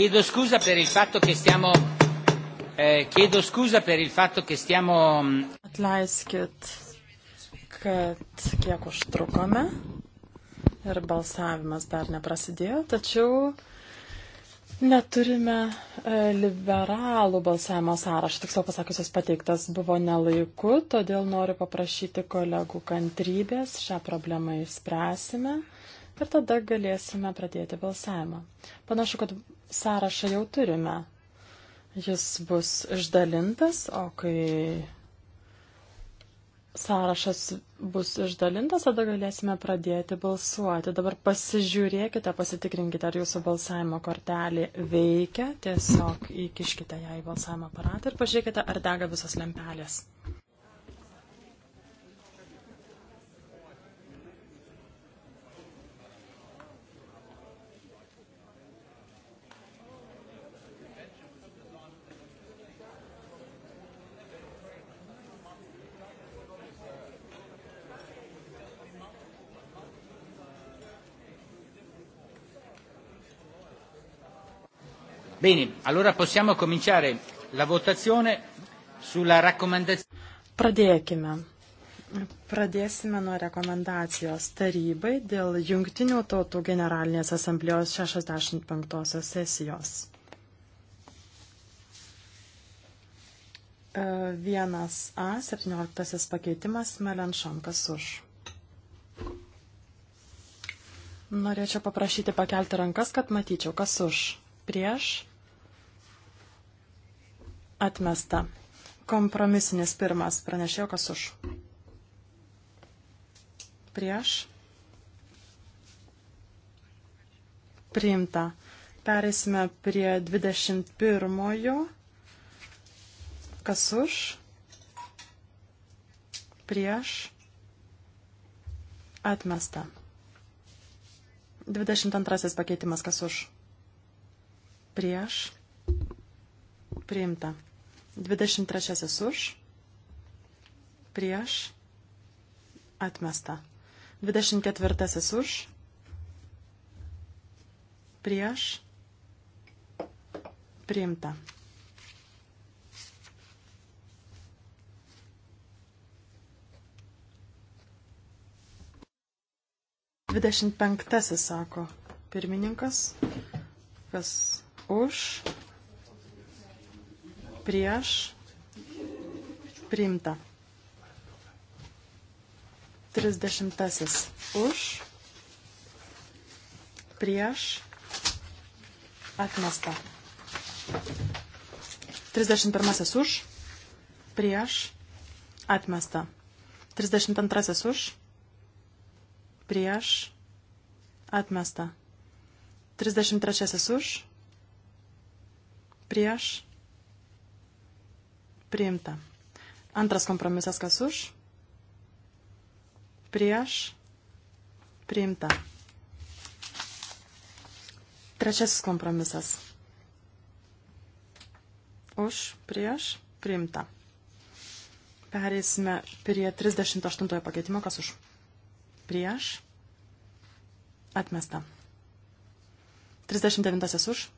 Chiedo scusa per il fatto che stiamo. Eh, chiedo scusa per il fatto che stiamo. Mm, Atleiskit, kad kiek užtrukome ir balsavimas dar neprasidėjo, tačiau neturime e, liberalų balsavimo sąrašo. Tiksliau pasakius, jis pateiktas buvo nelaiku, todėl noriu paprašyti kolegų kantrybės, šią problemą išspręsime ir tada galėsime pradėti balsavimą. Panašu, kad sąrašą jau turime. Jis bus išdalintas, o kai sąrašas bus išdalintas, tada galėsime pradėti balsuoti. Dabar pasižiūrėkite, pasitikrinkite, ar jūsų balsavimo kortelė veikia. Tiesiog įkiškite ją į balsavimo aparatą ir pažiūrėkite, ar dega visos lempelės. Bene, allora possiamo cominciare la votazione sulla raccomandazione. Pradėkime. Pradėsime nuo rekomendacijos tarybai dėl Jungtinių tautų generalinės asamblėjos 65 sesijos. E, vienas A, 17 pakeitimas, Melenšonkas už. Norėčiau paprašyti pakelti rankas, kad matyčiau, kas už. Prieš Atmesta. Kompromisinis pirmas. Pranešėjo, kas už. Prieš. Priimta. Perėsime prie 21. Kas už? Prieš. Atmesta. 22 pakeitimas kas už? Prieš. Priimta. 23 už, prieš, atmesta. 24 už, prieš, priimta. Dvidešimt penktasis, sako pirmininkas, kas už, prieš priimta. 30 už prieš atmesta. 31 už prieš atmesta. 32 už prieš atmesta. 33 už prieš atmesta Priimta. Antras kompromisas kas už? Prieš. Priimta. Trečiasis kompromisas. Už, prieš, priimta. Pereisime prie 38 pakeitimo, kas už. Prieš. Atmesta. 39 už.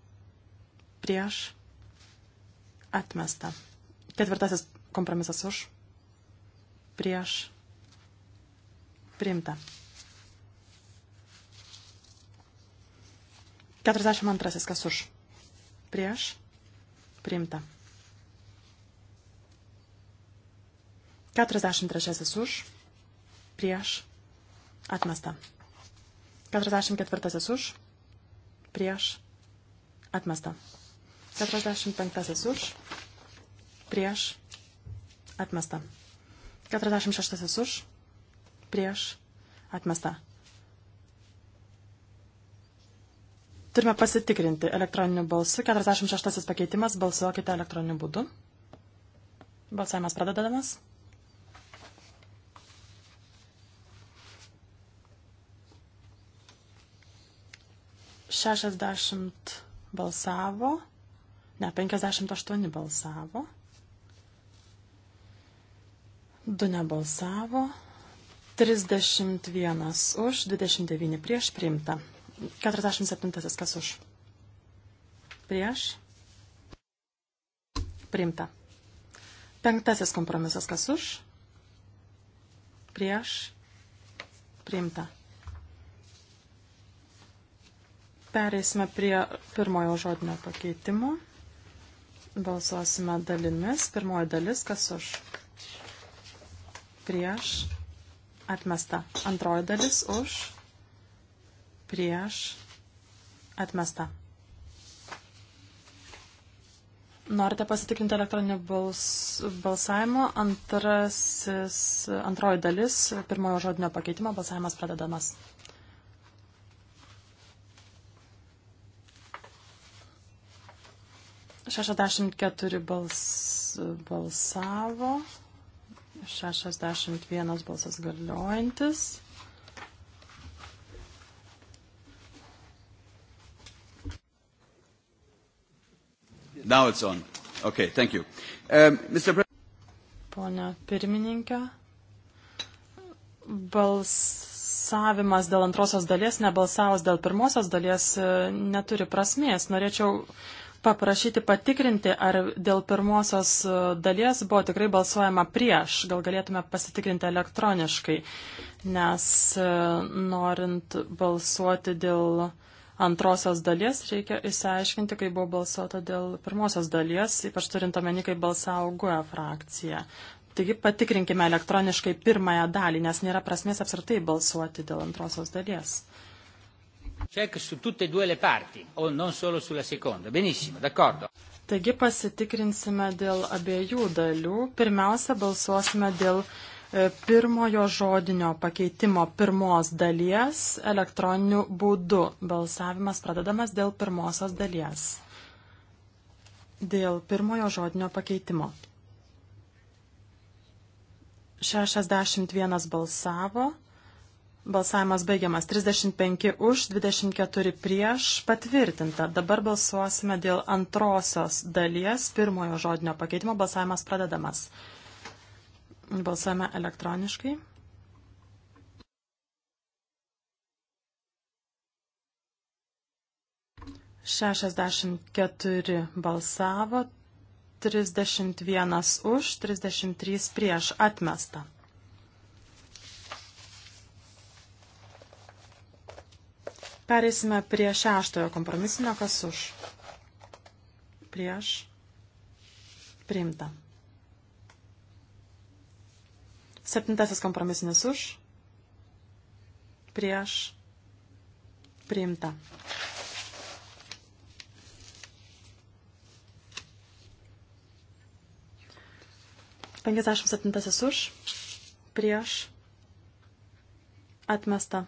Prieš. Atmesta. Ketvirtasis kompromisas už, prieš, priimta. 42. Kas už, prieš, priimta. 43. už, prieš, atmesta. 44. už, prieš, atmesta. 45. už, prieš, atmesta. 46 už, prieš, atmesta. Turime pasitikrinti elektroniniu balsu. 46 pakeitimas, balsuokite elektroniniu būdu. Balsavimas pradedamas. Šešiasdešimt balsavo, ne, penkiasdešimt aštuoni balsavo. Kartu nebalsavo. 31 už, 29 prieš priimta. 47 kas už? Prieš. Priimta. Penktasis kompromisas kas už? Prieš. Priimta. Pereisime prie pirmojo žodinio pakeitimo. Balsuosime dalimis. Pirmoji dalis kas už? prieš, atmesta. Antroji dalis už, prieš, atmesta. Norite pasitikrinti elektroninį bals, balsavimą. Antrasis, antroji dalis pirmojo žodinio pakeitimo balsavimas pradedamas. Šešdešimt keturi bals, balsavo. 61 balsas galiojantis. Now it's on. Okay, thank you. Um, Mr. Pre Pone pirmininkė, balsavimas dėl antrosios dalies, nebalsavus dėl pirmosios dalies e, neturi prasmės. Norėčiau uh, paprašyti patikrinti, ar dėl pirmosios e, dalies buvo tikrai balsuojama prieš. Gal galėtume pasitikrinti elektroniškai, nes e, norint balsuoti dėl antrosios dalies, reikia įsiaiškinti, kai buvo balsuota dėl pirmosios dalies, ypač turint omeny, kai balsavo GUE frakcija. Taigi patikrinkime elektroniškai pirmąją dalį, nes nėra prasmės apsirtai balsuoti dėl antrosios dalies check su tutte e due le parti, o non solo sulla seconda. Benissimo, d'accordo. Taigi pasitikrinsime dėl abiejų dalių. Pirmiausia, balsuosime dėl e, pirmojo žodinio pakeitimo pirmos dalies elektroniniu būdu. Balsavimas pradedamas dėl pirmosios dalies. Dėl pirmojo žodinio pakeitimo. 61 balsavo, Balsavimas baigiamas 35 už, 24 prieš, patvirtinta. Dabar balsuosime dėl antrosios dalies pirmojo žodinio pakeitimo. Balsavimas pradedamas. Balsuojame elektroniškai. Šešiasdešimt keturi balsavo, trisdešimt vienas už, trisdešimt trys prieš atmestą. Perėsime prie šeštojo kompromisinio, kas už. Prieš. Priimta. Septintasis kompromisinis už. Prieš. Priimta. Penkiasdešimt septintasis už. Prieš. Atmesta.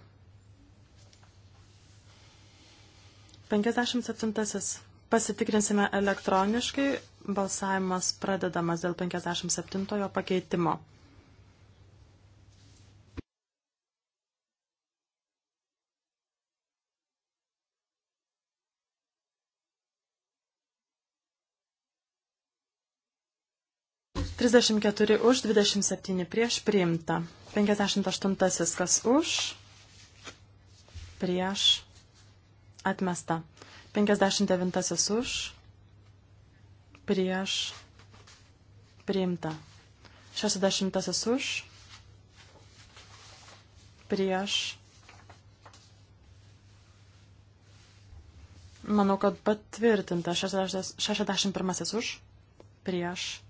57. Pasitikrinsime elektroniškai. Balsavimas pradedamas dėl 57 pakeitimo. Trisdešimt keturi už, dvidešimt septyni prieš priimta. Penkiasdešimt aštuntasis kas už, prieš Atmesta. 59 už. Prieš. Priimta. 60 už. Prieš. Manau, kad patvirtinta 61 už. Prieš.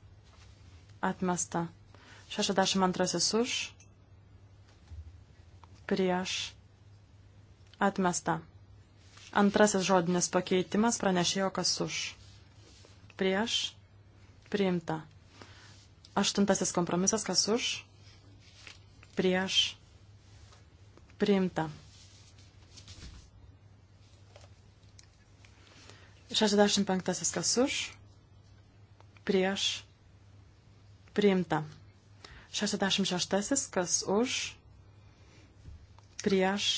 Atmesta. 62 už. Prieš. Atmesta. Antrasis žodinis pakeitimas pranešėjo, kas už. Prieš. Priimta. Aštuntasis kompromisas, kas už. Prieš. Priimta. 65. kas už. Prieš. Priimta. 66. kas už. Prieš.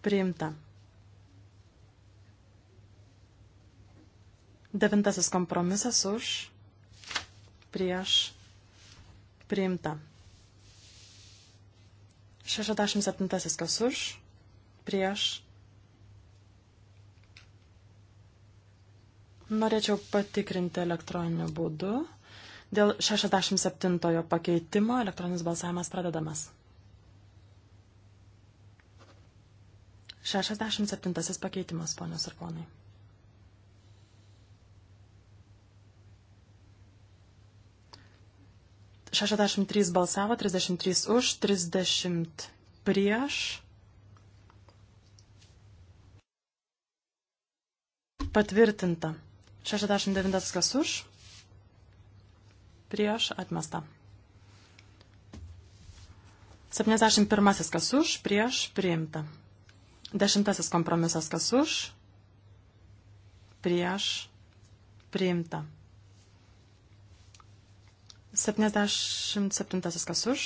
Priimta. Devintasis kompromisas už prieš priimta. 67 kas už prieš. Norėčiau patikrinti elektroniniu būdu. Dėl 67 pakeitimo elektroninis balsavimas pradedamas. 67 pakeitimas, ponios ir ponai. 63 balsavo, 33 už, 30 prieš. Patvirtinta. 69 kas už, prieš atmesta. 71 kas už, prieš priimta. 10 kompromisas kas už, prieš priimta. 77 kas už.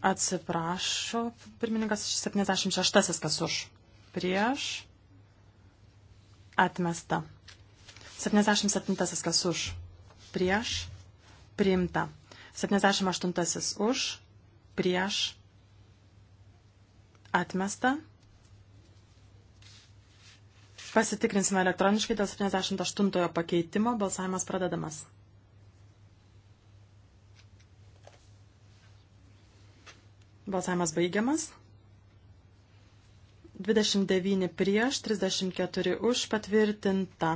Atsiprašo, pirmininkas 76 kas už. Prieš. Atmesta. 77 kas už. Prieš. Priimta. 78 už. Prieš. Atmesta. Pasitikrinsime elektroniškai dėl 78 pakeitimo. Balsavimas pradedamas. Balsavimas baigiamas. 29 prieš, 34 už patvirtinta.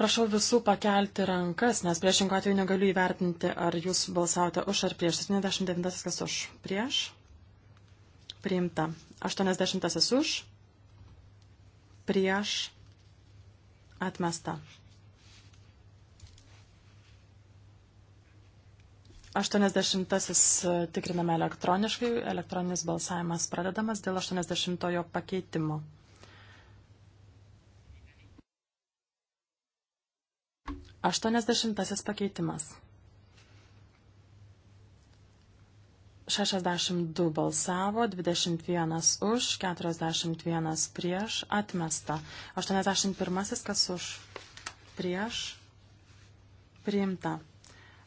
Prašau visų pakelti rankas, nes priešingų atveju negaliu įvertinti, ar jūs balsavote už ar prieš. 79 kas už. Prieš. Priimta. 80 už. Prieš. Atmesta. 80-asis e, tikriname elektroniškai, elektroninis balsavimas pradedamas dėl 80-ojo pakeitimo. Aštuoniasdešimtasis pakeitimas. 62 balsavo, 21 už, 41 prieš, atmesta. 81 kas už, prieš, priimta.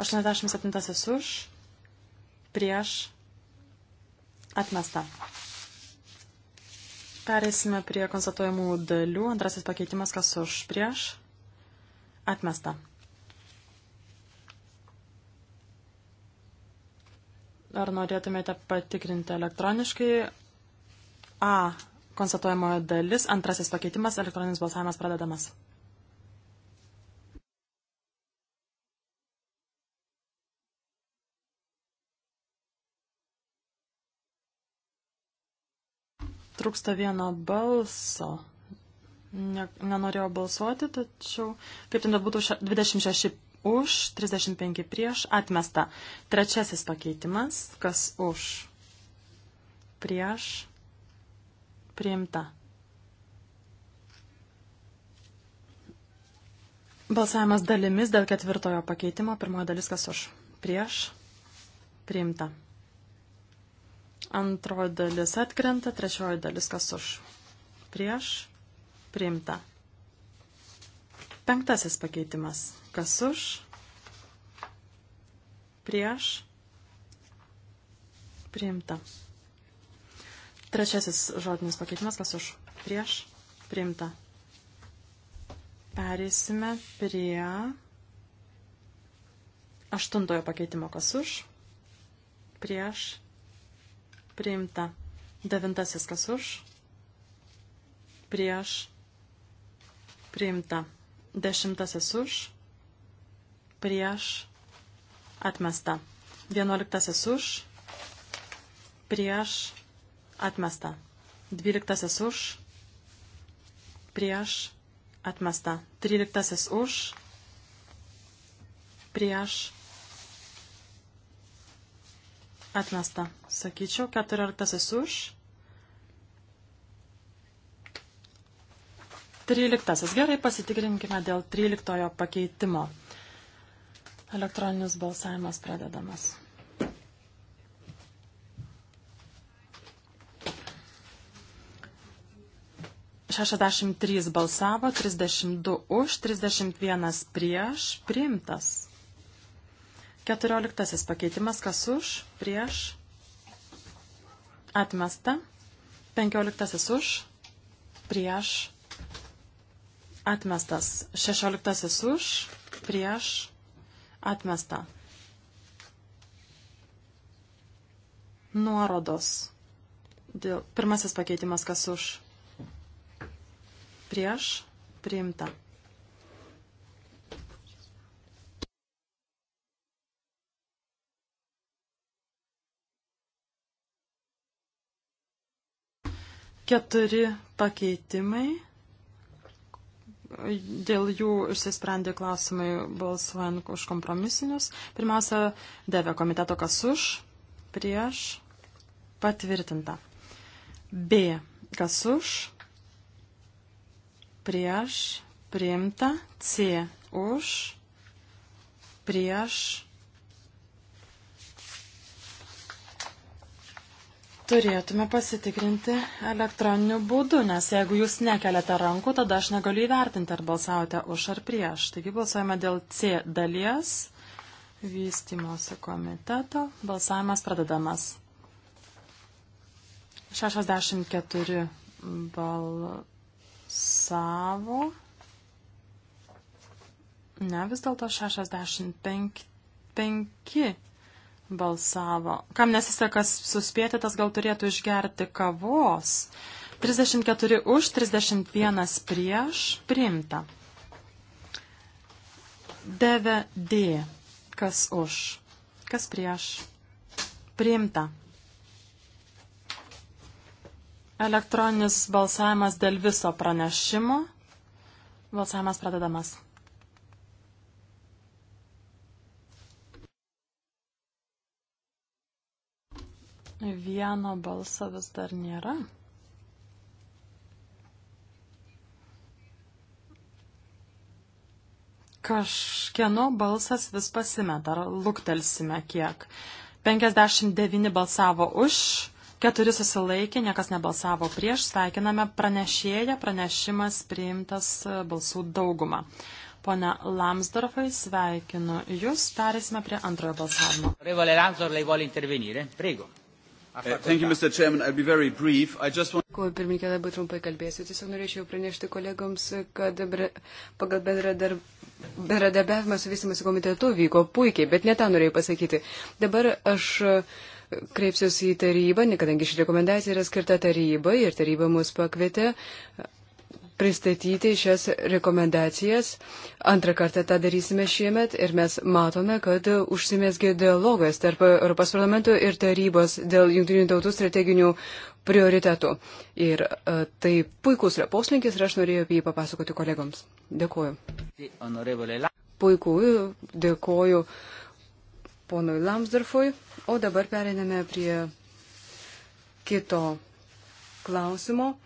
87 už, prieš, atmesta. Perėsime prie konstatuojamų dalių. Antrasis pakeitimas, kas už, prieš, atmesta. Ar norėtumėte patikrinti elektroniškai? A. Konstatuojamojo dalis. Antrasis pakeitimas. Elektroninis balsavimas pradedamas. trūksta vieno balso. Ne, nenorėjau balsuoti, tačiau kaip ten būtų 26 už, 35 prieš, atmesta. Trečiasis pakeitimas, kas už, prieš, priimta. Balsavimas dalimis dėl ketvirtojo pakeitimo, pirmoji dalis kas už, prieš, priimta. Antroji dalis atkrenta, trečioji dalis kas už. Prieš priimta. Penktasis pakeitimas. Kas už? Prieš priimta. Trečiasis žodinis pakeitimas. Kas už? Prieš priimta. Perėsime prie aštuntojo pakeitimo. Kas už? Prieš priimta priimta. Devintasis kas už, prieš, priimta. Dešimtasis už, prieš, atmesta. Vienuoliktasis už, prieš, atmesta. Dvyliktasis už, prieš, atmesta. Tryliktasis už, prieš, atmesta Atmesta. Sakyčiau, 14 už. 13. Gerai, pasitikrinkime dėl 13 pakeitimo. Elektroninis balsavimas pradedamas. Šešiasdešimt trys balsavo, trisdešimt du už, trisdešimt vienas prieš, priimtas. Keturioliktasis pakeitimas, kas už, prieš, atmesta. Penkioliktasis už, prieš, atmestas. Šešioliktasis už, prieš, atmesta. Nuorodos. Dėl pirmasis pakeitimas, kas už, prieš, priimta. keturi pakeitimai. Dėl jų išsisprendė klausimai balsuojant už kompromisinius. Pirmiausia, devė komiteto kas už, prieš, patvirtinta. B. Kas už, prieš, priimta. C. Už, prieš, turėtume pasitikrinti elektroniniu būdu, nes jeigu jūs nekeliate rankų, tada aš negaliu įvertinti, ar balsavote už ar prieš. Taigi balsuojame dėl C dalies vystimosi komiteto. Balsavimas pradedamas. 64 balsavo. Ne, vis dėlto 65 balsavo. Kam nesisekas suspėti, tas gal turėtų išgerti kavos. 34 už, 31 prieš, priimta. Deve D. Kas už? Kas prieš? Priimta. Elektroninis balsavimas dėl viso pranešimo. Balsavimas pradedamas. vieno balso vis dar nėra. Kažkieno balsas vis pasimeta, ar luktelsime kiek. 59 balsavo už, 4 susilaikė, niekas nebalsavo prieš, sveikiname pranešėją, pranešimas priimtas balsų daugumą. Pone Lamsdorfai, sveikinu Jūs. Perėsime prie antrojo balsavimo. Prevole Lamsdorf, lei vuole intervenire? Prego. Uh, Dėkuoju, pirmininkė, labai trumpai kalbėsiu. Tiesiog norėčiau pranešti kolegoms, kad pagal bendradarbiavimą su vystimasi komitetu vyko puikiai, bet ne tą norėjau pasakyti. Dabar aš uh, kreipsiuosi į tarybą, kadangi ši rekomendacija yra skirta tarybai ir taryba mus pakvietė pristatyti šias rekomendacijas. Antrą kartą tą darysime šiemet ir mes matome, kad užsimėsgė dialogas tarp Europos parlamento ir tarybos dėl jungtinių tautų strateginių prioritetų. Ir a, e, tai puikus yra poslinkis ir aš norėjau apie jį papasakoti kolegoms. Dėkuoju. Puiku, dėkuoju ponui Lamsdorfui. O dabar periname prie kito klausimo.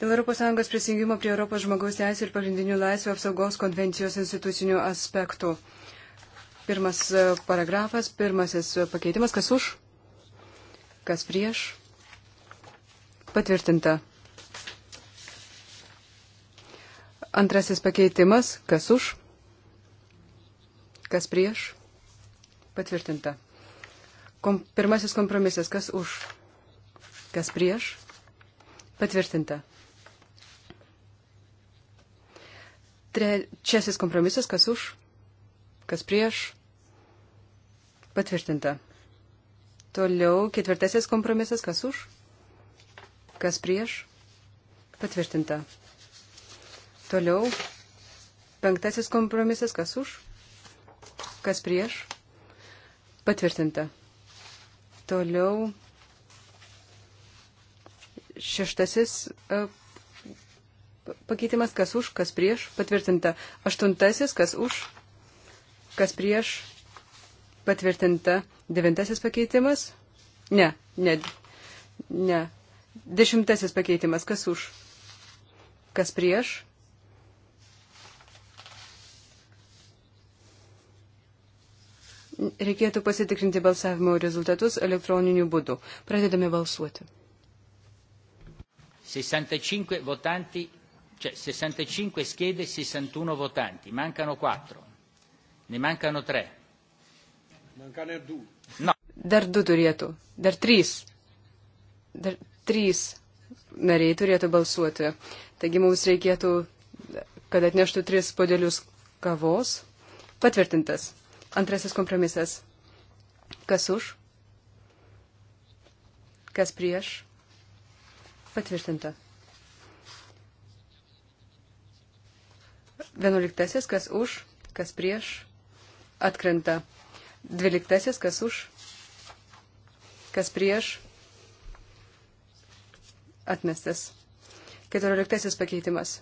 Dėl ES prisijungimo prie Europos žmogaus teisų ir pagrindinių laisvių apsaugos konvencijos institucinių aspektų. Pirmas e, paragrafas, pirmasis e, pakeitimas, kas už, kas prieš. Patvirtinta. Antrasis pakeitimas, kas už, kas prieš. Patvirtinta. Kom, pirmasis kompromisas, kas už, kas prieš. Patvirtinta. Trečiasis kompromisas, kas už, kas prieš, patvirtinta. Toliau ketvirtasis kompromisas, kas už, kas prieš, patvirtinta. Toliau penktasis kompromisas, kas už, kas prieš, patvirtinta. Toliau šeštasis e, pakeitimas, kas už, kas prieš, patvirtinta. Aštuntasis, kas už, kas prieš, patvirtinta. Devintasis pakeitimas. Ne, ne, ne. Dešimtasis pakeitimas, kas už, kas prieš. Reikėtų pasitikrinti balsavimo rezultatus elektroniniu būdu. Pradedame balsuoti. 65 votanti Cioè 65 schede e 61 votanti, mancano 4, ne mancano 3. Mancano 2. No. Dar 2 turėtų, dar 3. Dar 3 nariai turėtų balsuoti. Taigi mums reikėtų, kad atneštų 3 podelius kavos. Patvirtintas. Antrasis kompromisas. Kas už? Kas prieš? Patvirtinta. Vienuoliktasis, kas už, kas prieš, atkrenta. Dvyliktasis, kas už, kas prieš, atmestas. Keturioliktasis pakeitimas.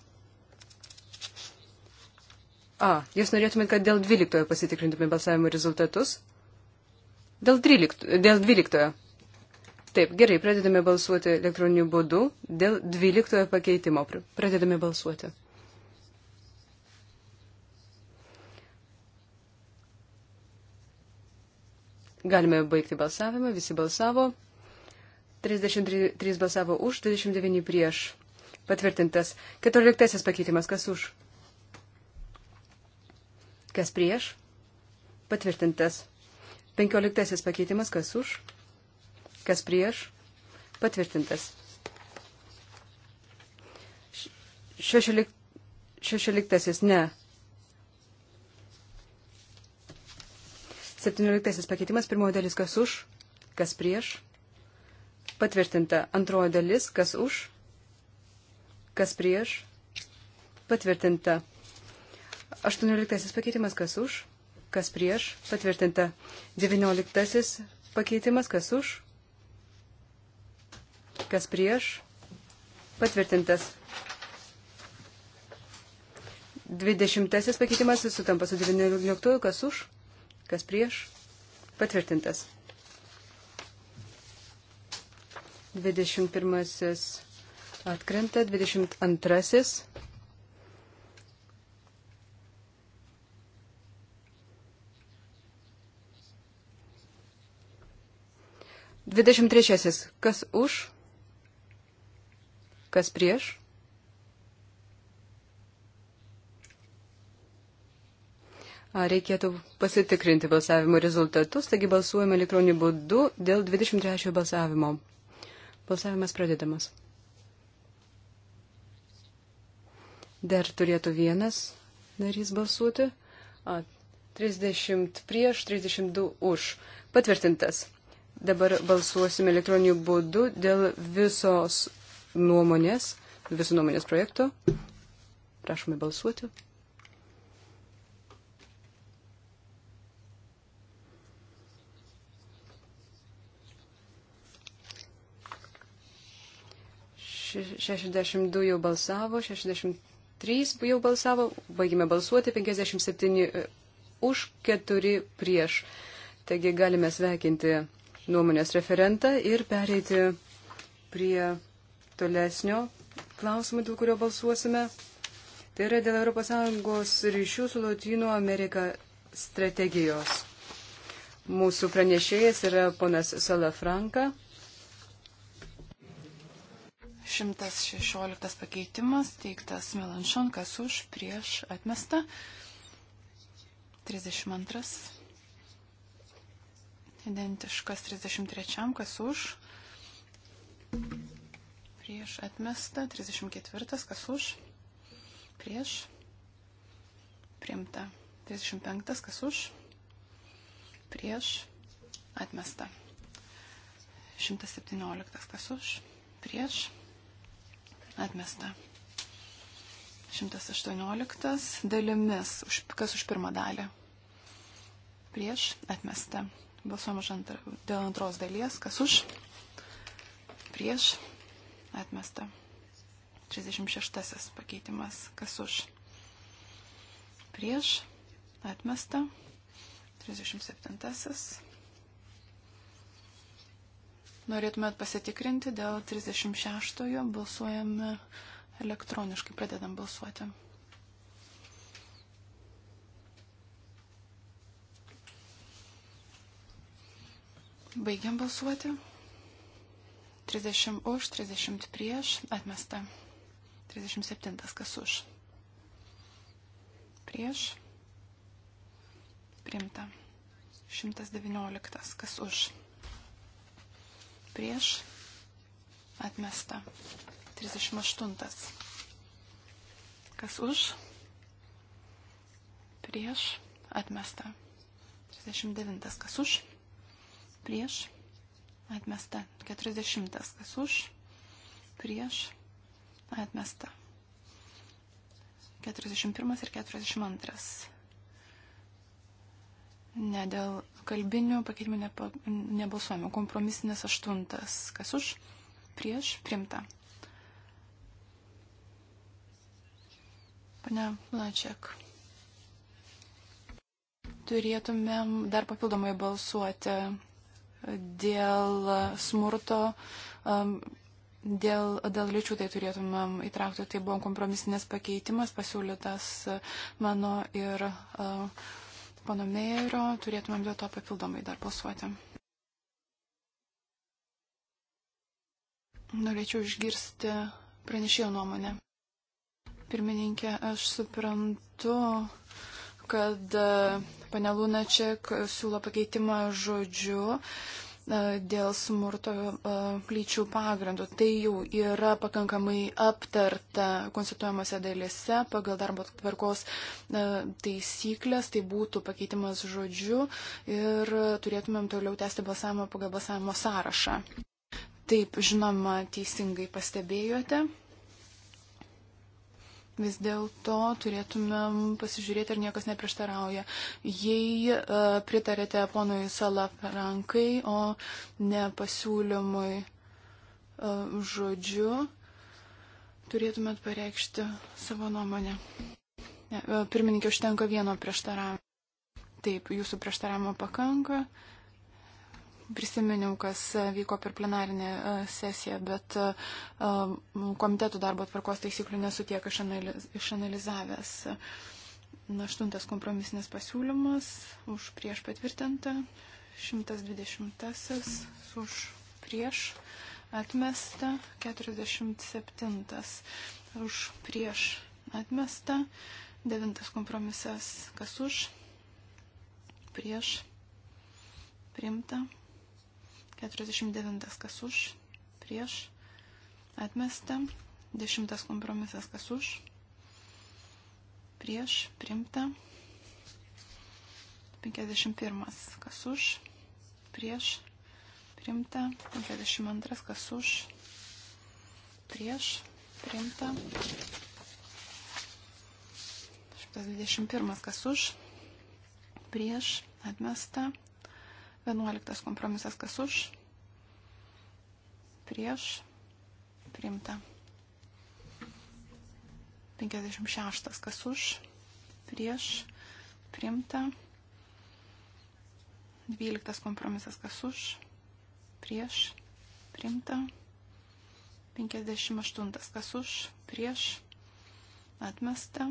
A, jūs norėtumėt, kad dėl dvyliktojo pasitikrintume balsavimo rezultatus? Dėl dvyliktojo. Dėl dvyliktojo. Taip, gerai, pradedame balsuoti elektroniniu būdu dėl dvyliktojo pakeitimo. Pradedame balsuoti. Galime baigti balsavimą, visi balsavo. 33 balsavo už, 29 prieš. Patvirtintas. 14 pakeitimas, kas už? Kas prieš? Patvirtintas. 15 pakeitimas, kas už? Kas prieš? Patvirtintas. 16. Šešiolik... ne. 17 pakeitimas, pirmoji dalis, kas už, kas prieš. Patvirtinta antroji dalis, kas už, kas prieš. Patvirtinta 18 pakeitimas, kas už, kas prieš. Patvirtinta 19 pakeitimas, kas už, kas prieš. Patvirtintas 20 pakeitimas, sutampa su 19, kas už Kas prieš? Patvirtintas. 21 atkrenta, 22. Dvidešimt trečiasis. Kas už? Kas prieš? Reikėtų pasitikrinti balsavimo rezultatus, taigi balsuojame elektroniniu būdu dėl 23 balsavimo. Balsavimas pradedamas. Dar turėtų vienas narys balsuoti. A, 30 prieš, 32 už. Patvirtintas. Dabar balsuosime elektroniniu būdu dėl visos nuomonės, viso nuomonės projekto. Prašome balsuoti. 62 jau balsavo, 63 jau balsavo, baigime balsuoti, 57 e, už, 4 prieš. Taigi galime sveikinti nuomonės referentą ir pereiti prie tolesnio klausimo, dėl kurio balsuosime. Tai yra dėl ES ryšių su Latino Amerika strategijos. Mūsų pranešėjas yra ponas Salafranka. Franka. 116 pakeitimas, teiktas Melanšon, kas už, prieš, atmesta. 32. Identiškas 33, kas už, prieš, atmesta. 34, kas už, prieš, priimta. 35, kas už, prieš, atmesta. 117, kas už, prieš, Atmesta. 118 dalimis, už, kas už pirmą dalį. Prieš atmesta. Balsuojama antra, dėl antros dalies, kas už. Prieš atmesta. 36 pakeitimas, kas už. Prieš atmesta. 37 Norėtumėt pasitikrinti dėl 36-ojo, balsuojame elektroniškai, pradedam balsuoti. Baigiam balsuoti. 30 už, 30 prieš, atmesta. 37 kas už. Prieš. Primta. 119 kas už prieš, atmesta. 38. Kas už, prieš, atmesta. 39. Kas už, prieš, atmesta. 40. Kas už, prieš, atmesta. 41 ir 42 Ne dėl kalbinių pakeitimų nepa, nebalsuojame. Kompromisinės aštuntas. Kas už? Prieš? Primta. Pane Lačiak. Turėtumėm dar papildomai balsuoti dėl smurto, um, dėl, dėl lyčių tai turėtumėm įtraukti. Tai buvo kompromisinės pakeitimas pasiūlytas mano ir uh, pono Meirio, turėtumėm dėl to papildomai dar balsuoti. Norėčiau išgirsti pranešėjo nuomonę. Pirmininkė, aš suprantu, kad e, panelūna čia siūlo pakeitimą žodžiu E, dėl smurto e, lyčių pagrindų. Tai jau yra pakankamai aptarta konstituojamose dalėse pagal darbo tvarkos e, taisyklės, tai būtų pakeitimas žodžiu ir turėtumėm toliau tęsti balsavimą pagal balsavimo sąrašą. Taip, žinoma, teisingai pastebėjote vis dėlto turėtumėm pasižiūrėti, ar niekas neprieštarauja. Jei uh, pritarėte ponui Salafrankai, o ne pasiūlymui uh, žodžiu, turėtumėt pareikšti savo nuomonę. Ne, e, pirmininkė, užtenka vieno prieštaravimo. Taip, jūsų prieštaravimo pakanka. Uh, prisiminiau, kas vyko per plenarinę e, sesiją, bet e, komitetų darbo tvarkos taisyklių nesu tiek išanalizavęs. Aštuntas kompromisinis pasiūlymas už prieš patvirtintą, 120 už prieš atmestą, 47 už prieš atmestą, 9 kompromisas kas už prieš priimta. 49 kas už, prieš, atmesta, 10 kompromisas kas už, prieš, primta, 51 kas už, prieš, primta, 52 kas už, prieš, primta, 121 kas už, prieš, atmesta, 11 kompromisas kas už, prieš, priimta. 56 kas už, prieš, priimta. 12 kompromisas kas už, prieš, priimta. 58 kas už, prieš, atmesta.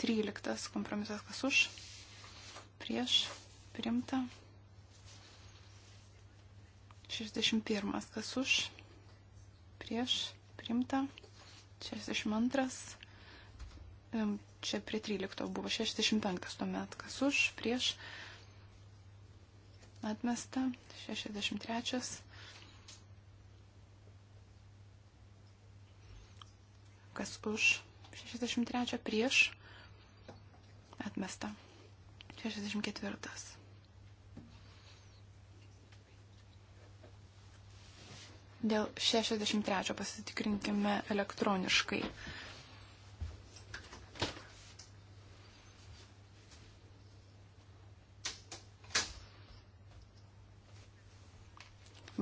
13 kompromisas kas už, prieš, priimta. 61. Kas už? Prieš? Primta. 62. Čia prie 13 buvo. 65 tuomet. Kas už? Prieš? Atmesta. 63. Kas už? 63. Prieš? Atmesta. 64. Dėl 63 pasitikrinkime elektroniškai.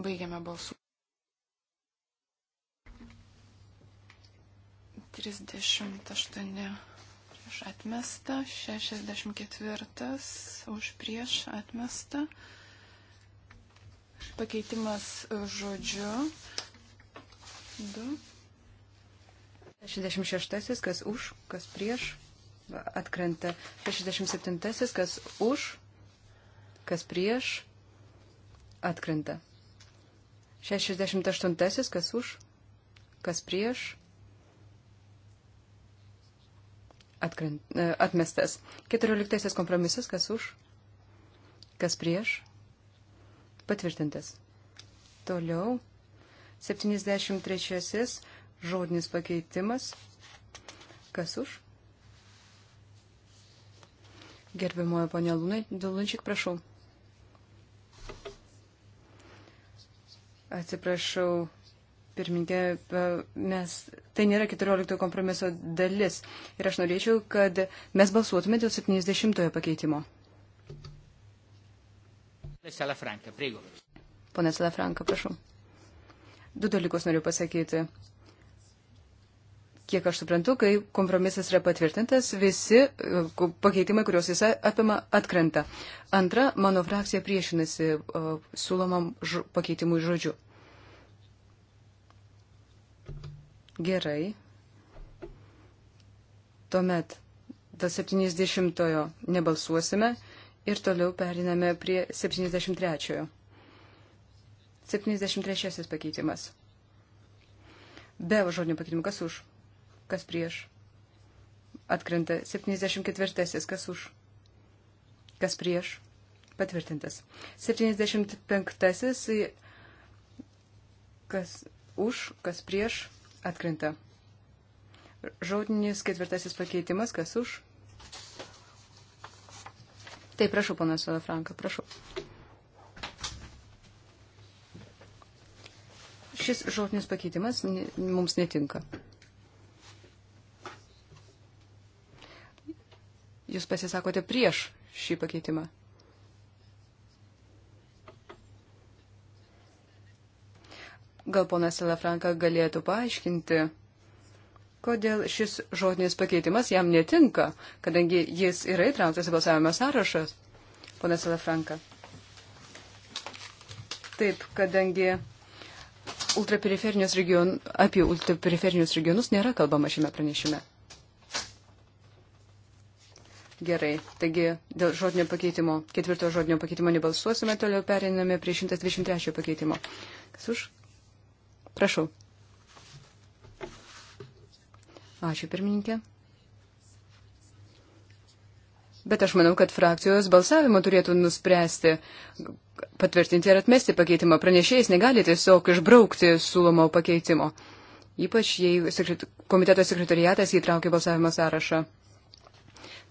Baigiame balsų. 38 prieš atmestą, 64 už prieš atmestą. Pakeitimas e, žodžiu. 2. 66. Kas už, kas prieš. Atkrenta. 67. Kas už, kas prieš. Atkrenta. 68. Kas už, kas prieš. Atkrent, e, atmestas. 14. Kompromisas. Kas už, kas prieš Patvirtintas. Toliau. 73. Žodinis pakeitimas. Kas už? Gerbimoje ponė Dulunčik, prašau. Atsiprašau, pirmininkė, mes, tai nėra 14 kompromiso dalis ir aš norėčiau, kad mes balsuotume dėl 70 pakeitimo. Salafranka, prieigų. Pone Salafranka, prašau. Du dalykus noriu pasakyti. Kiek aš suprantu, kai kompromisas yra patvirtintas, visi e, pakeitimai, kuriuos jis apima, atkrenta. Antra, mano frakcija priešinasi uh, siūlomam ž, pakeitimui žodžiu. Gerai. Tuomet dėl 70-ojo nebalsuosime. Ir toliau periname prie 73. 73 pakeitimas. Be žodinio pakeitimo, kas už, kas prieš. Atkrenta 74, kas už, kas prieš. Patvirtintas. 75, kas už, kas prieš. Atkrenta. Žodinis ketvirtasis pakeitimas, kas už, Taip, prašau, ponas Franka, prašau. Šis žodinis pakeitimas mums netinka. Jūs pasisakote prieš šį pakeitimą. Gal ponas Elefranka galėtų paaiškinti, kodėl šis žodinis pakeitimas jam netinka, kadangi jis yra įtrauktas į balsavimo sąrašas, ponas Lafranka. Taip, kadangi ultraperiferinius region, apie ultraperiferinius regionus nėra kalbama šiame pranešime. Gerai, taigi dėl žodinio pakeitimo, ketvirto žodinio pakeitimo nebalsuosime, toliau periname prie 123 pakeitimo. Kas už? Prašau. Ačiū pirmininkė. Bet aš manau, kad frakcijos balsavimo turėtų nuspręsti, patvirtinti ar atmesti pakeitimą. Pranešėjas negali tiesiog išbraukti siūlomo pakeitimo. Ypač jei sekret... komiteto sekretariatas įtraukė balsavimo sąrašą.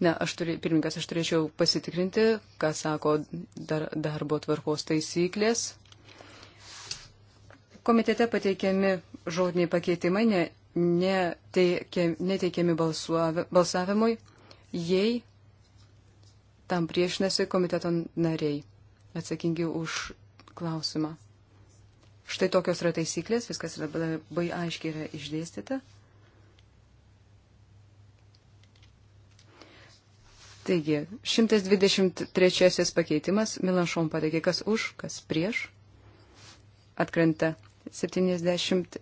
Na, aš turi, pirmininkas, aš turėčiau pasitikrinti, ką sako dar, darbo tvarkos taisyklės. Komitete pateikiami žodiniai pakeitimai, ne, neteikiami balsavimui, jei tam priešinasi komiteto nariai atsakingi už klausimą. Štai tokios yra taisyklės, viskas labai aiškiai yra išdėstyta. Taigi, 123 pakeitimas, Milanšom pateikė, kas už, kas prieš, atkrenta 70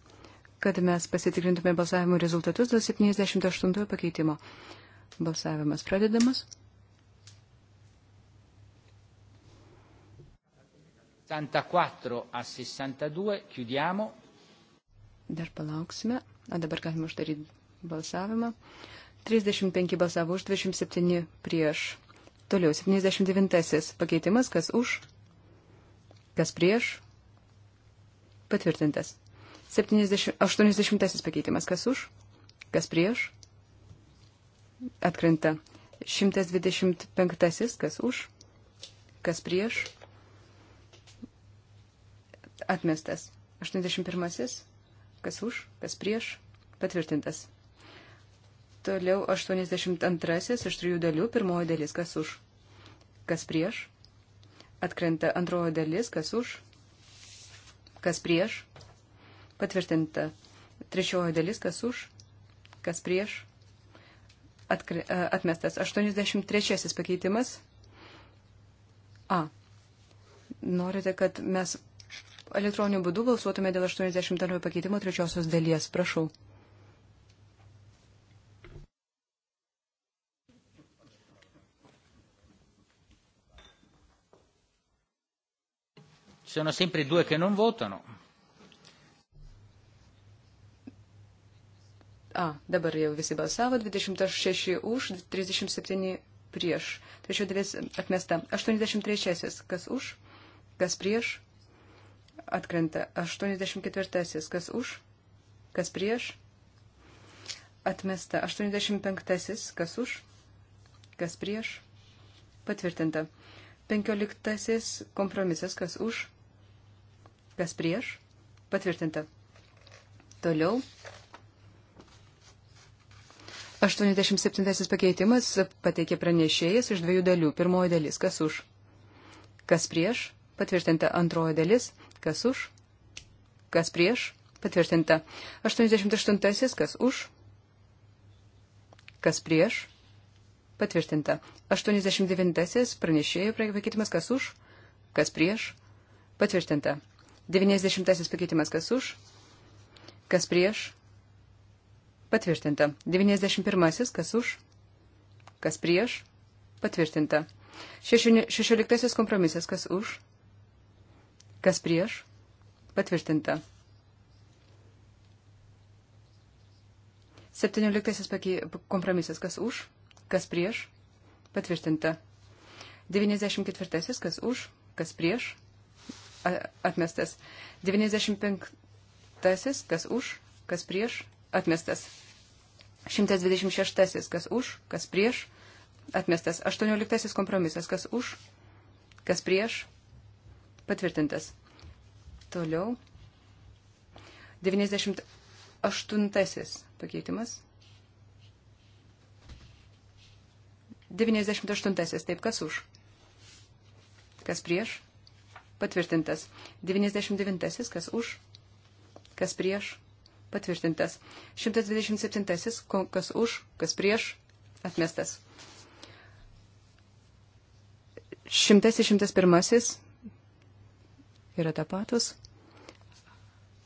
kad mes pasitikrintume balsavimo rezultatus dėl 78 pakeitimo. Balsavimas pradedamas. A 62, chiudiamo. Dar palauksime. O dabar galime uždaryti balsavimą. 35 balsavo už, 27 prieš. Toliau 79 pakeitimas, kas už, kas prieš. Patvirtintas. 70, 80 pakeitimas. Kas už? Kas prieš? Atkrinta. 125. Kas už? Kas prieš? Atmestas. 81. Kas už? Kas prieš? Patvirtintas. Toliau 82 iš trijų dalių, pirmoji dalis, kas už, kas prieš, atkrenta antroji dalis, kas už, kas prieš, Patvirtinta. Trečioji dalis, kas už, kas prieš. Atkri, e, atmestas. 83 pakeitimas. A. Norite, kad mes elektroniniu būdu balsuotume dėl 82 pakeitimo trečiosios dalies. Prašau. Sono sempre due che non votano. A, dabar jau visi balsavo, 26 už, 37 prieš. Trečio dalis atmesta. 83, kas už, kas prieš, atkrenta. 84, kas už, kas prieš, atmesta. 85, kas už, kas prieš, patvirtinta. 15 kompromisas, kas už, kas prieš, patvirtinta. Toliau 87 pakeitimas pateikė pranešėjas iš dviejų dalių. Pirmoji dalis - kas už? Kas prieš? Patvirtinta antroji dalis - kas už? Kas prieš? Patvirtinta. 88 kas už? Kas prieš? Patvirtinta. 89 pranešėjo pakeitimas kas už? Kas prieš? Patvirtinta. 90 pakeitimas kas už? Kas prieš? Patvirtinta. 91. Kas už? Kas prieš? Patvirtinta. 16. Kompromisas. Kas už? Kas prieš? Patvirtinta. 17. Kompromisas. Kas už? Kas prieš? Patvirtinta. 94. Kas už? Kas prieš? Atmestas. 95. Kas už? Kas prieš? atmestas. 126. Kas už, kas prieš, atmestas. 18. Kompromisas. Kas už, kas prieš, patvirtintas. Toliau. 98. pakeitimas. 98. Taip, kas už? Kas prieš? Patvirtintas. 99. Kas už? Kas prieš? patvirtintas. 127. Kas už, kas prieš, atmestas. 101 yra tapatus.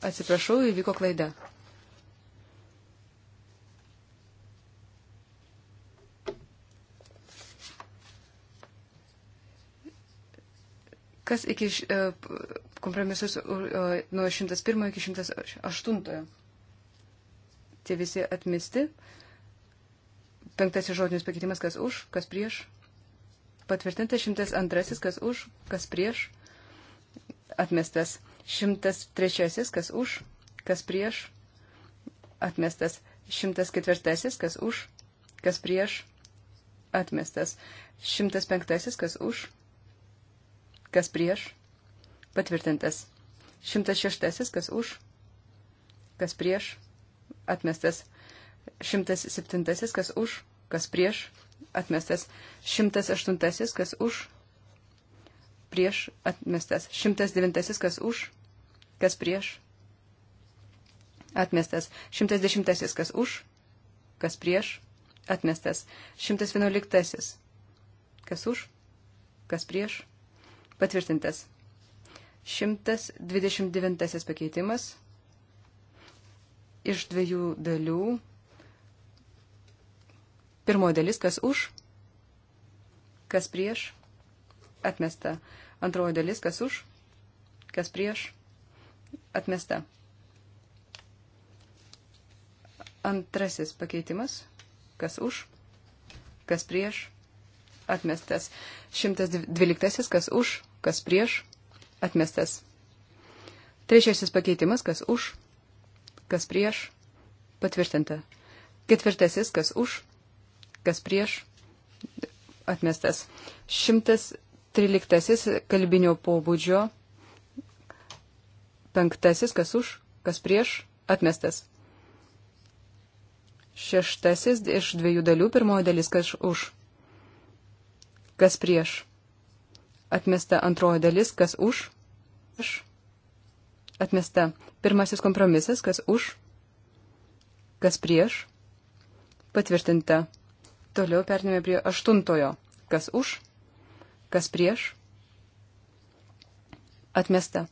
Atsiprašau, įvyko klaida. Kas iki e, kompromisus e, nuo 101 iki 108? tie visi atmesti. Penktasis žodinis pakeitimas, kas už, kas prieš. Patvirtintas šimtas antrasis, kas už, kas prieš. Atmestas šimtas trečiasis, kas už, kas prieš. Atmestas šimtas ketvirtasis, kas už, kas prieš. Atmestas šimtas penktasis, kas už, kas prieš. Patvirtintas šimtas šeštasis, kas už, kas prieš atmestas 107, kas už, kas prieš, atmestas 108, kas už, prieš, atmestas 109, kas už, kas prieš, atmestas 110, kas už, kas prieš, atmestas 111, kas už, kas prieš, patvirtintas 129 pakeitimas iš dviejų dalių. Pirmoji dalis, kas už, kas prieš, atmesta. Antroji dalis, kas už, kas prieš, atmesta. Antrasis pakeitimas, kas už, kas prieš, atmestas. 112, kas už, kas prieš, atmestas. Trečiasis pakeitimas, kas už, kas prieš, patvirtinta. Ketvirtasis, kas už, kas prieš, atmestas. Šimtas tryliktasis kalbinio pobūdžio, penktasis, kas už, kas prieš, atmestas. Šeštasis iš dviejų dalių, pirmoji dalis, kas už, kas prieš, atmesta antroji dalis, kas už, aš atmesta. Pirmasis kompromisas, kas už, kas prieš, patvirtinta. Toliau pernėme prie aštuntojo, kas už, kas prieš, atmesta.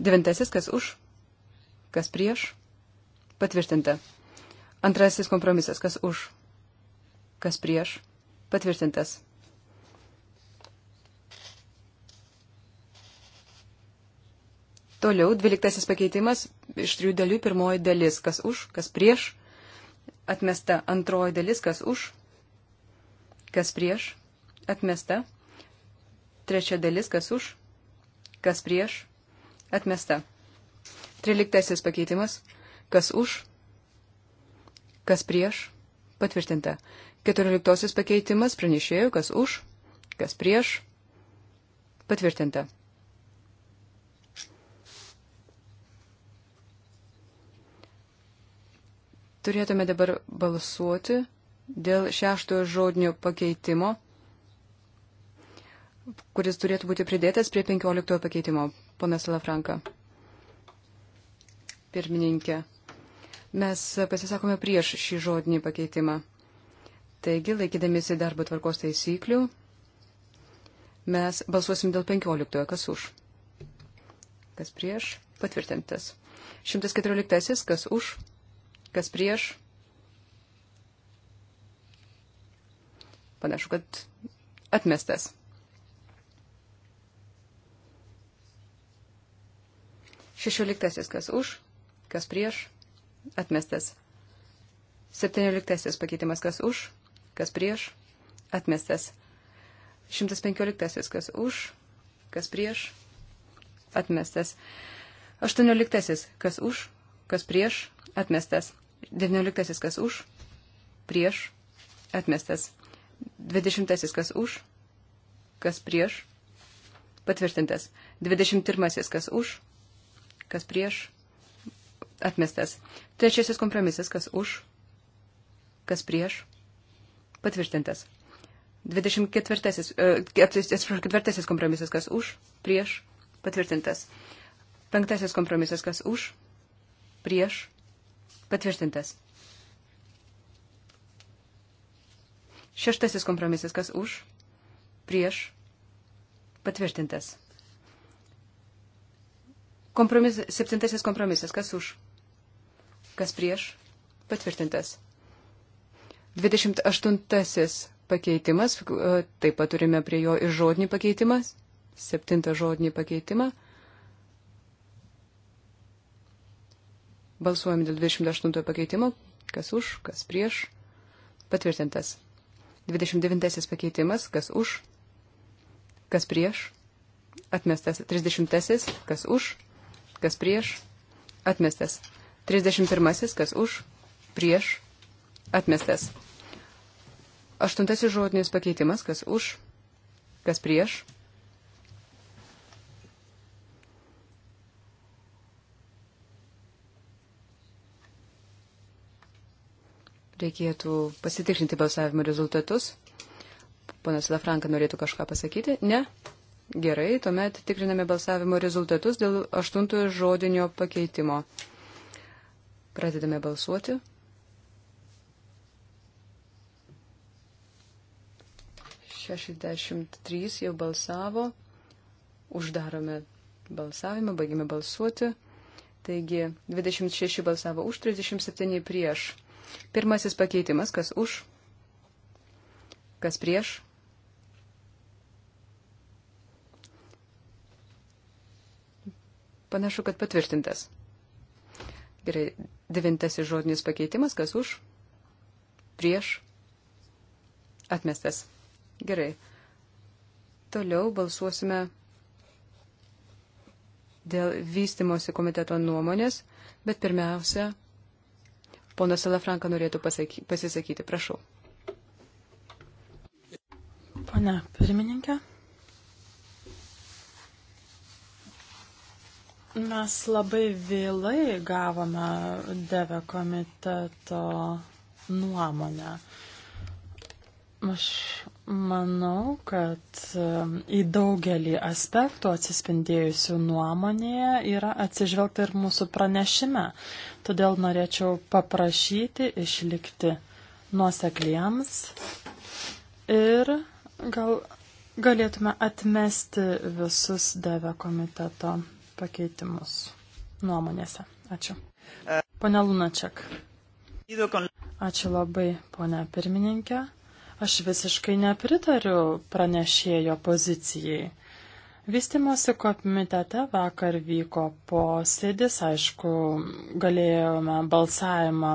Devintasis, kas už, kas prieš, patvirtinta. Antrasis kompromisas, kas už, kas prieš, patvirtintas. Toliau, dvyliktasis pakeitimas iš trijų dalių. Pirmoji dalis, kas už, kas prieš. Atmesta antroji dalis, kas už, kas prieš. Atmesta. Trečia dalis, kas už, kas prieš. Atmesta. Tryliktasis pakeitimas, kas už, kas prieš. Patvirtinta. Keturioliktasis pakeitimas pranešėjų, kas už, kas prieš. Patvirtinta. Turėtume dabar balsuoti dėl šeštojo žodinio pakeitimo, kuris turėtų būti pridėtas prie penkioliktojo pakeitimo. Ponas Lafranka, pirmininkė, mes pasisakome prieš šį žodinį pakeitimą. Taigi, laikydamėsi darbo tvarkos taisyklių, mes balsuosim dėl penkioliktojo. Kas už? Kas prieš? Patvirtintas. 114. Kas už? Kas prieš? Panašu, kad atmestas. Šešioliktasis kas už, kas prieš, atmestas. Septynioliktasis pakeitimas kas už, kas prieš, atmestas. Šimtas penkioliktasis kas už, kas prieš, atmestas. Aštuonioliktasis kas už, kas prieš, atmestas. 19 kas už, prieš, atmestas. 20 kas už, kas prieš, patvirtintas. 21 kas už, kas prieš, atmestas. Trečiasis kompromisas kas už, kas prieš, patvirtintas. 24, e, ketvirtasis kompromisas, kas už, prieš, patvirtintas. Penktasis kompromisas, kas už, prieš, Patvirtintas. Šeštasis kompromisas, kas už, prieš, patvirtintas. Kompromis, septintasis kompromisas, kas už, kas prieš, patvirtintas. Dvidešimt aštuntasis pakeitimas, taip pat turime prie jo ir žodinį pakeitimą, septintą žodinį pakeitimą. Balsuojame dėl 28 pakeitimo. Kas už, kas prieš. Patvirtintas. 29 pakeitimas. Kas už, kas prieš. Atmestas. 30 kas už, kas prieš. Atmestas. 31 kas už, prieš. Atmestas. Aštuntasis žodinis pakeitimas. Kas už, kas prieš. Reikėtų pasitikrinti balsavimo rezultatus. Ponas Lafranka norėtų kažką pasakyti? Ne? Gerai, tuomet tikriname balsavimo rezultatus dėl aštuntojo žodinio pakeitimo. Pradedame balsuoti. Šešiasdešimt trys jau balsavo. Uždarome balsavimą, baigime balsuoti. Taigi 26 balsavo už, 37 prieš. Pirmasis pakeitimas, kas už, kas prieš. Panašu, kad patvirtintas. Gerai, devintasis žodinis pakeitimas, kas už, prieš, atmestas. Gerai. Toliau balsuosime dėl vystimosi komiteto nuomonės, bet pirmiausia, Ponas Salafranka norėtų pasaky, pasisakyti, prašau. Pane pirmininkė. Mes labai vėlai gavome Deve komiteto nuomonę. Aš Manau, kad į daugelį aspektų atsispindėjusių nuomonėje yra atsižvelgta ir mūsų pranešime. Todėl norėčiau paprašyti išlikti nuosekliems ir gal galėtume atmesti visus DV komiteto pakeitimus nuomonėse. Ačiū. Pone Lunačiak. Ačiū labai, ponia pirmininkė. Aš visiškai nepritariu pranešėjo pozicijai. Vystimosi komitete vakar vyko posėdis, aišku, galėjome balsavimą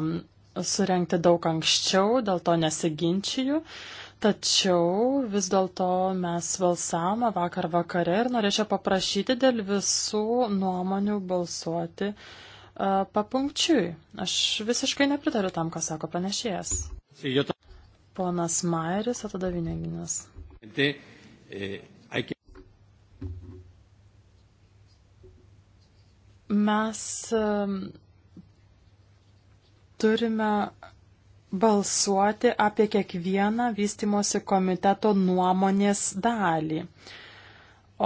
surenkti daug anksčiau, dėl to nesiginčiju, tačiau vis dėlto mes balsavome vakar vakare ir norėčiau paprašyti dėl visų nuomonių balsuoti uh, papunkčiui. Aš visiškai nepritariu tam, ką sako pranešėjas. Ponas Maeris, o tada Vineginas. Eh, Mes turime balsuoti apie kiekvieną vystimosi komiteto nuomonės dalį.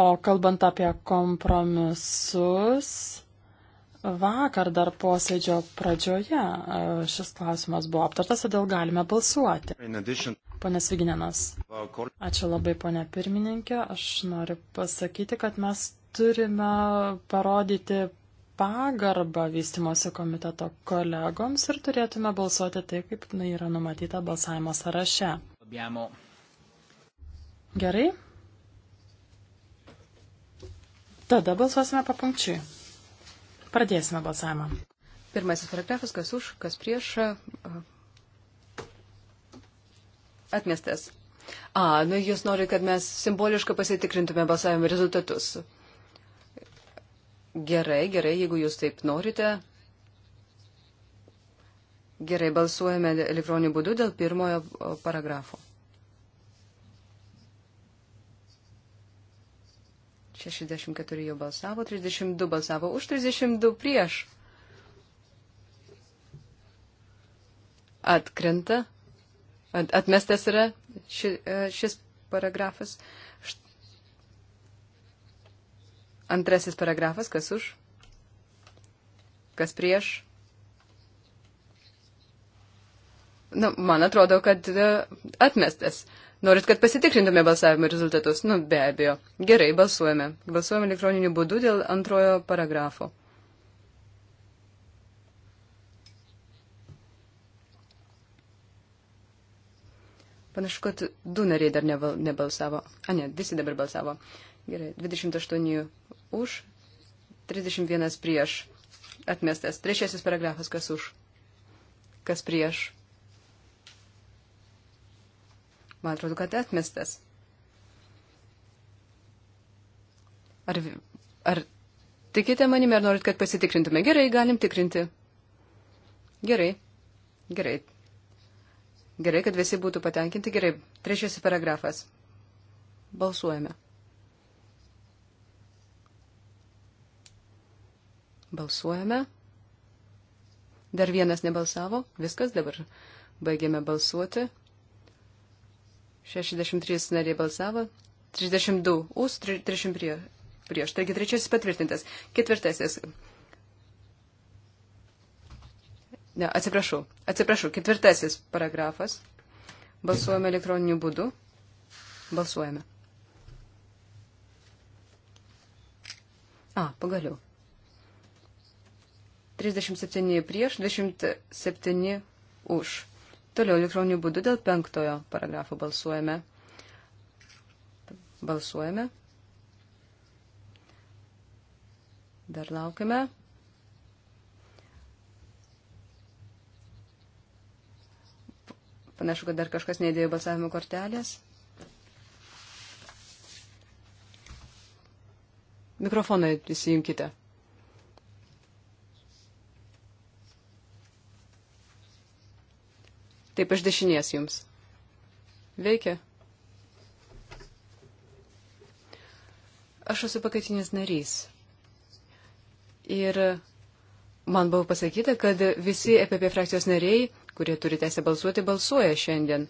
O kalbant apie kompromisus, Vakar dar posėdžio pradžioje e, šis klausimas buvo aptartas, todėl galime balsuoti. Pone Sviginenas. Ačiū labai, pone pirmininkė. Aš noriu pasakyti, kad mes turime parodyti pagarbą vystimosi komiteto kolegoms ir turėtume balsuoti taip, kaip na, yra numatyta balsavimo sąraše. Gerai. Tada balsuosime papunkčiui. Pradėsime balsavimą. Pirmasis paragrafas, kas už, kas prieš. Atmestas. A, nu jūs nori, kad mes simboliškai pasitikrintume balsavimo rezultatus. Gerai, gerai, jeigu jūs taip norite. Gerai, balsuojame elektroniniu būdu dėl pirmojo paragrafo. 64 jau balsavo, 32 balsavo už, 32 prieš. Atkrenta. Atmestas yra ši, e, šis paragrafas. Antrasis paragrafas, kas už, kas prieš. Na, nu, man atrodo, kad e, atmestas. Norit, kad pasitikrintume balsavimo rezultatus? Nu, be abejo. Gerai, balsuojame. Balsuojame elektroniniu būdu dėl antrojo paragrafo. Panašu, kad du nariai dar nebalsavo. A, ne, visi dabar balsavo. Gerai, 28 už, 31 prieš. Atmestas. Trečiasis paragrafas, kas už, kas prieš Man atrodo, kad atmestas. Ar, ar tikite manimi, ar norit, kad pasitikrintume? Gerai, galim tikrinti. Gerai, gerai. Gerai, kad visi būtų patenkinti. Gerai, trečiasis paragrafas. Balsuojame. Balsuojame. Dar vienas nebalsavo. Viskas, dabar baigėme balsuoti. 63 nariai balsavo, 32 už, 30 prie, prieš. Taigi trečiasis patvirtintas. Ketvirtasis. Ne, atsiprašau, atsiprašau, ketvirtasis paragrafas. Balsuojame elektroniniu būdu. Balsuojame. A, pagaliau. 37 prieš, 27 už. Toliau elektroniniu būdu dėl penktojo paragrafo balsuojame. Balsuojame. Dar laukime. Panašu, kad dar kažkas neįdėjo balsavimo kortelės. Mikrofoną įsijunkite. Taip iš dešinės jums. Veikia. Aš esu pakaitinis narys. Ir man buvo pasakyta, kad visi EPP frakcijos nariai, kurie turi teisę balsuoti, balsuoja šiandien.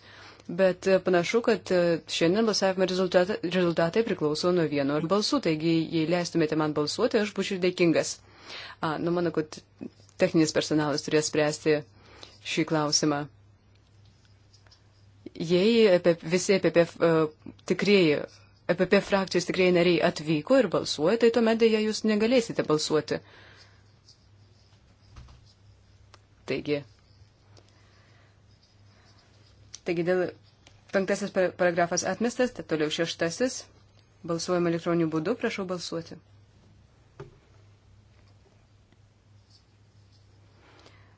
Bet panašu, kad šiandien balsavimo rezultatai, rezultatai priklauso nuo vieno ar balsų, taigi jei leistumėte man balsuoti, aš būčiau dėkingas. A, nu, manau, kad techninis personalas turės spręsti šį klausimą jei apie, visi apie, apie e, tikrieji, apie frakcijos tikrieji nariai atvyko ir balsuoja, tai tuomet dėja jūs negalėsite balsuoti. Taigi. Taigi dėl penktasis paragrafas atmestas, tai toliau šeštasis. Balsuojame elektroniniu būdu, prašau balsuoti.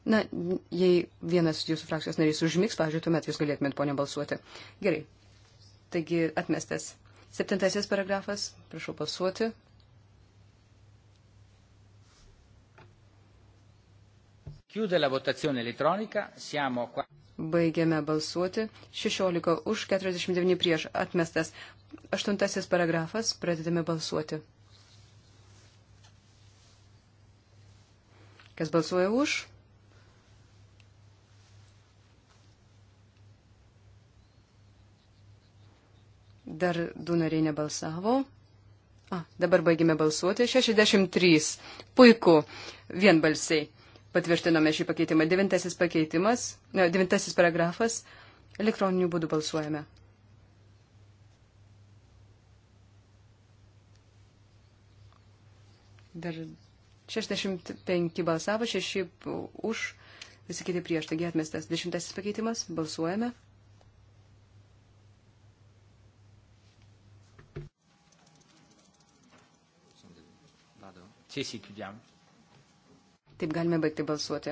Na, jei vienas jūsų frakcijos narys užmigs, pažiūrėjau, tuomet jūs galėtumėt, ponė, balsuoti. Gerai. Taigi, atmestas. Septintasis paragrafas. Prašau balsuoti. Chiude la votazione elettronica, siamo qua. Baigiame balsuoti. 16 už 49 prieš atmestas. Aštuntasis paragrafas. Pradedame balsuoti. Kas balsuoja už? Dar du nariai nebalsavo. A, dabar baigime balsuoti. 63. Puiku. Vienbalsiai. Patvirtinome šį pakeitimą. Devintasis pakeitimas, ne, devintasis paragrafas. Elektroniniu būdu balsuojame. Dar 65 balsavo, 6 už, visi kiti prieš, taigi atmestas. Dešimtasis pakeitimas, balsuojame. Tiesiog Taip galime baigti balsuoti.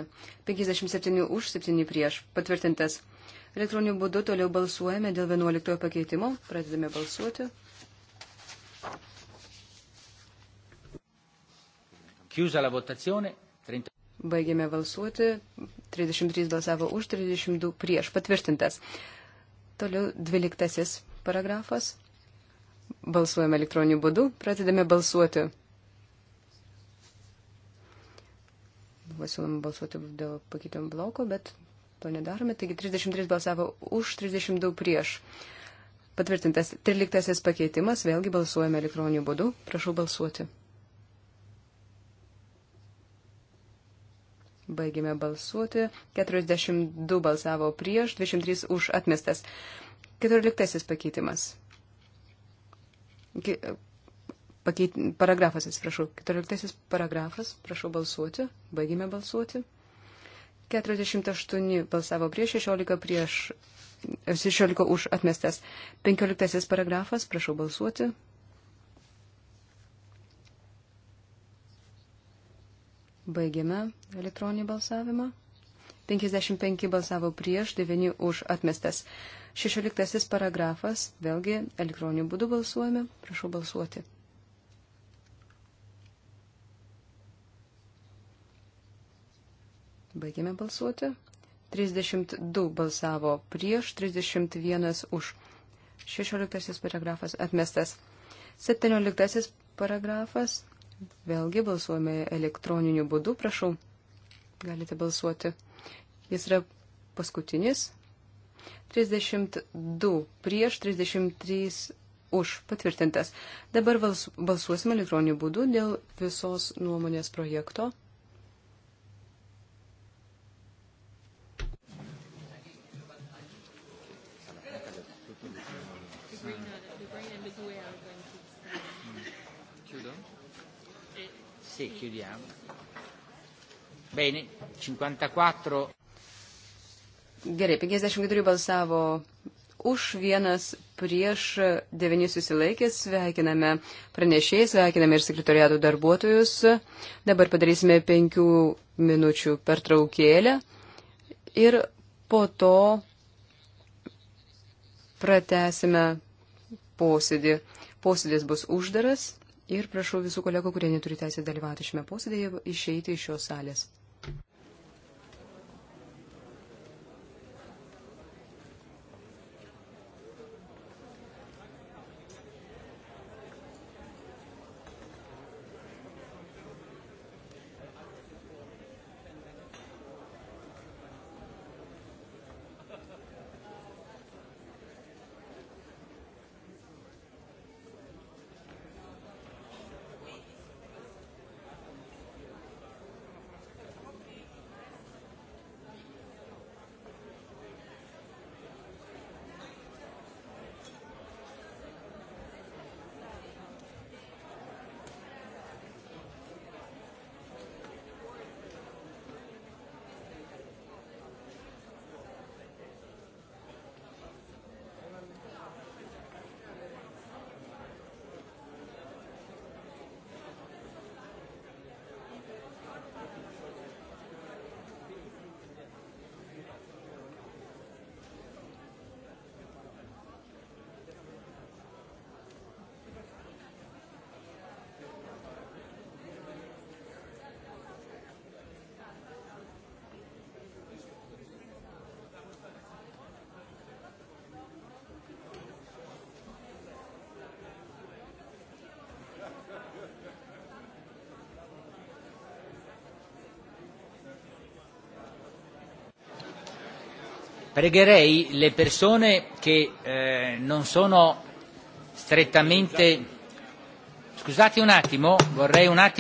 57 už, 7 prieš. Patvirtintas. Elektroniniu būdu toliau balsuojame dėl 11 pakeitimo. Pradedame balsuoti. Chiusa la votazione. 30... Baigėme balsuoti. 33 balsavo už, 32 prieš. Patvirtintas. Toliau 12 paragrafas. Balsuojame elektroniniu būdu. Pradedame balsuoti. siūloma balsuoti dėl pakeitimų bloko, bet to nedarome. Taigi 33 balsavo už, 32 prieš. Patvirtintas 13 pakeitimas, vėlgi balsuojame elektroniniu būdu. Prašau balsuoti. Baigėme balsuoti. 42 balsavo prieš, 23 už atmestas. 14 pakeitimas. Pakeit, paragrafas, atsiprašau. 14 paragrafas. Prašau balsuoti. Baigime balsuoti. 48 balsavo prieš, 16 prieš. 16 e, už atmestas. 15 paragrafas. Prašau balsuoti. Baigėme elektroninį balsavimą. 55 balsavo prieš, 9 už atmestas. 16 paragrafas. Vėlgi elektroniniu būdu balsuojame. Prašau balsuoti. Baigėme balsuoti. 32 balsavo prieš, 31 už. 16 paragrafas atmestas. 17 paragrafas. Vėlgi balsuojame elektroniniu būdu, prašau. Galite balsuoti. Jis yra paskutinis. 32 prieš, 33 už patvirtintas. Dabar balsuosime elektroniniu būdu dėl visos nuomonės projekto. Sì, chiudiamo. Bene, 54. Gerai, 54 balsavo už vienas prieš devynis susilaikęs. Sveikiname pranešėjus, sveikiname ir sekretoriato darbuotojus. Dabar padarysime penkių minučių pertraukėlę ir po to pratesime posėdį. Posėdis bus uždaras. Ir prašau visų kolegų, kurie neturi teisę dalyvauti šiame posėdėje, išeiti iš šios salės. Pregherei le persone che eh, non sono strettamente. Scusate un attimo, vorrei un attimo.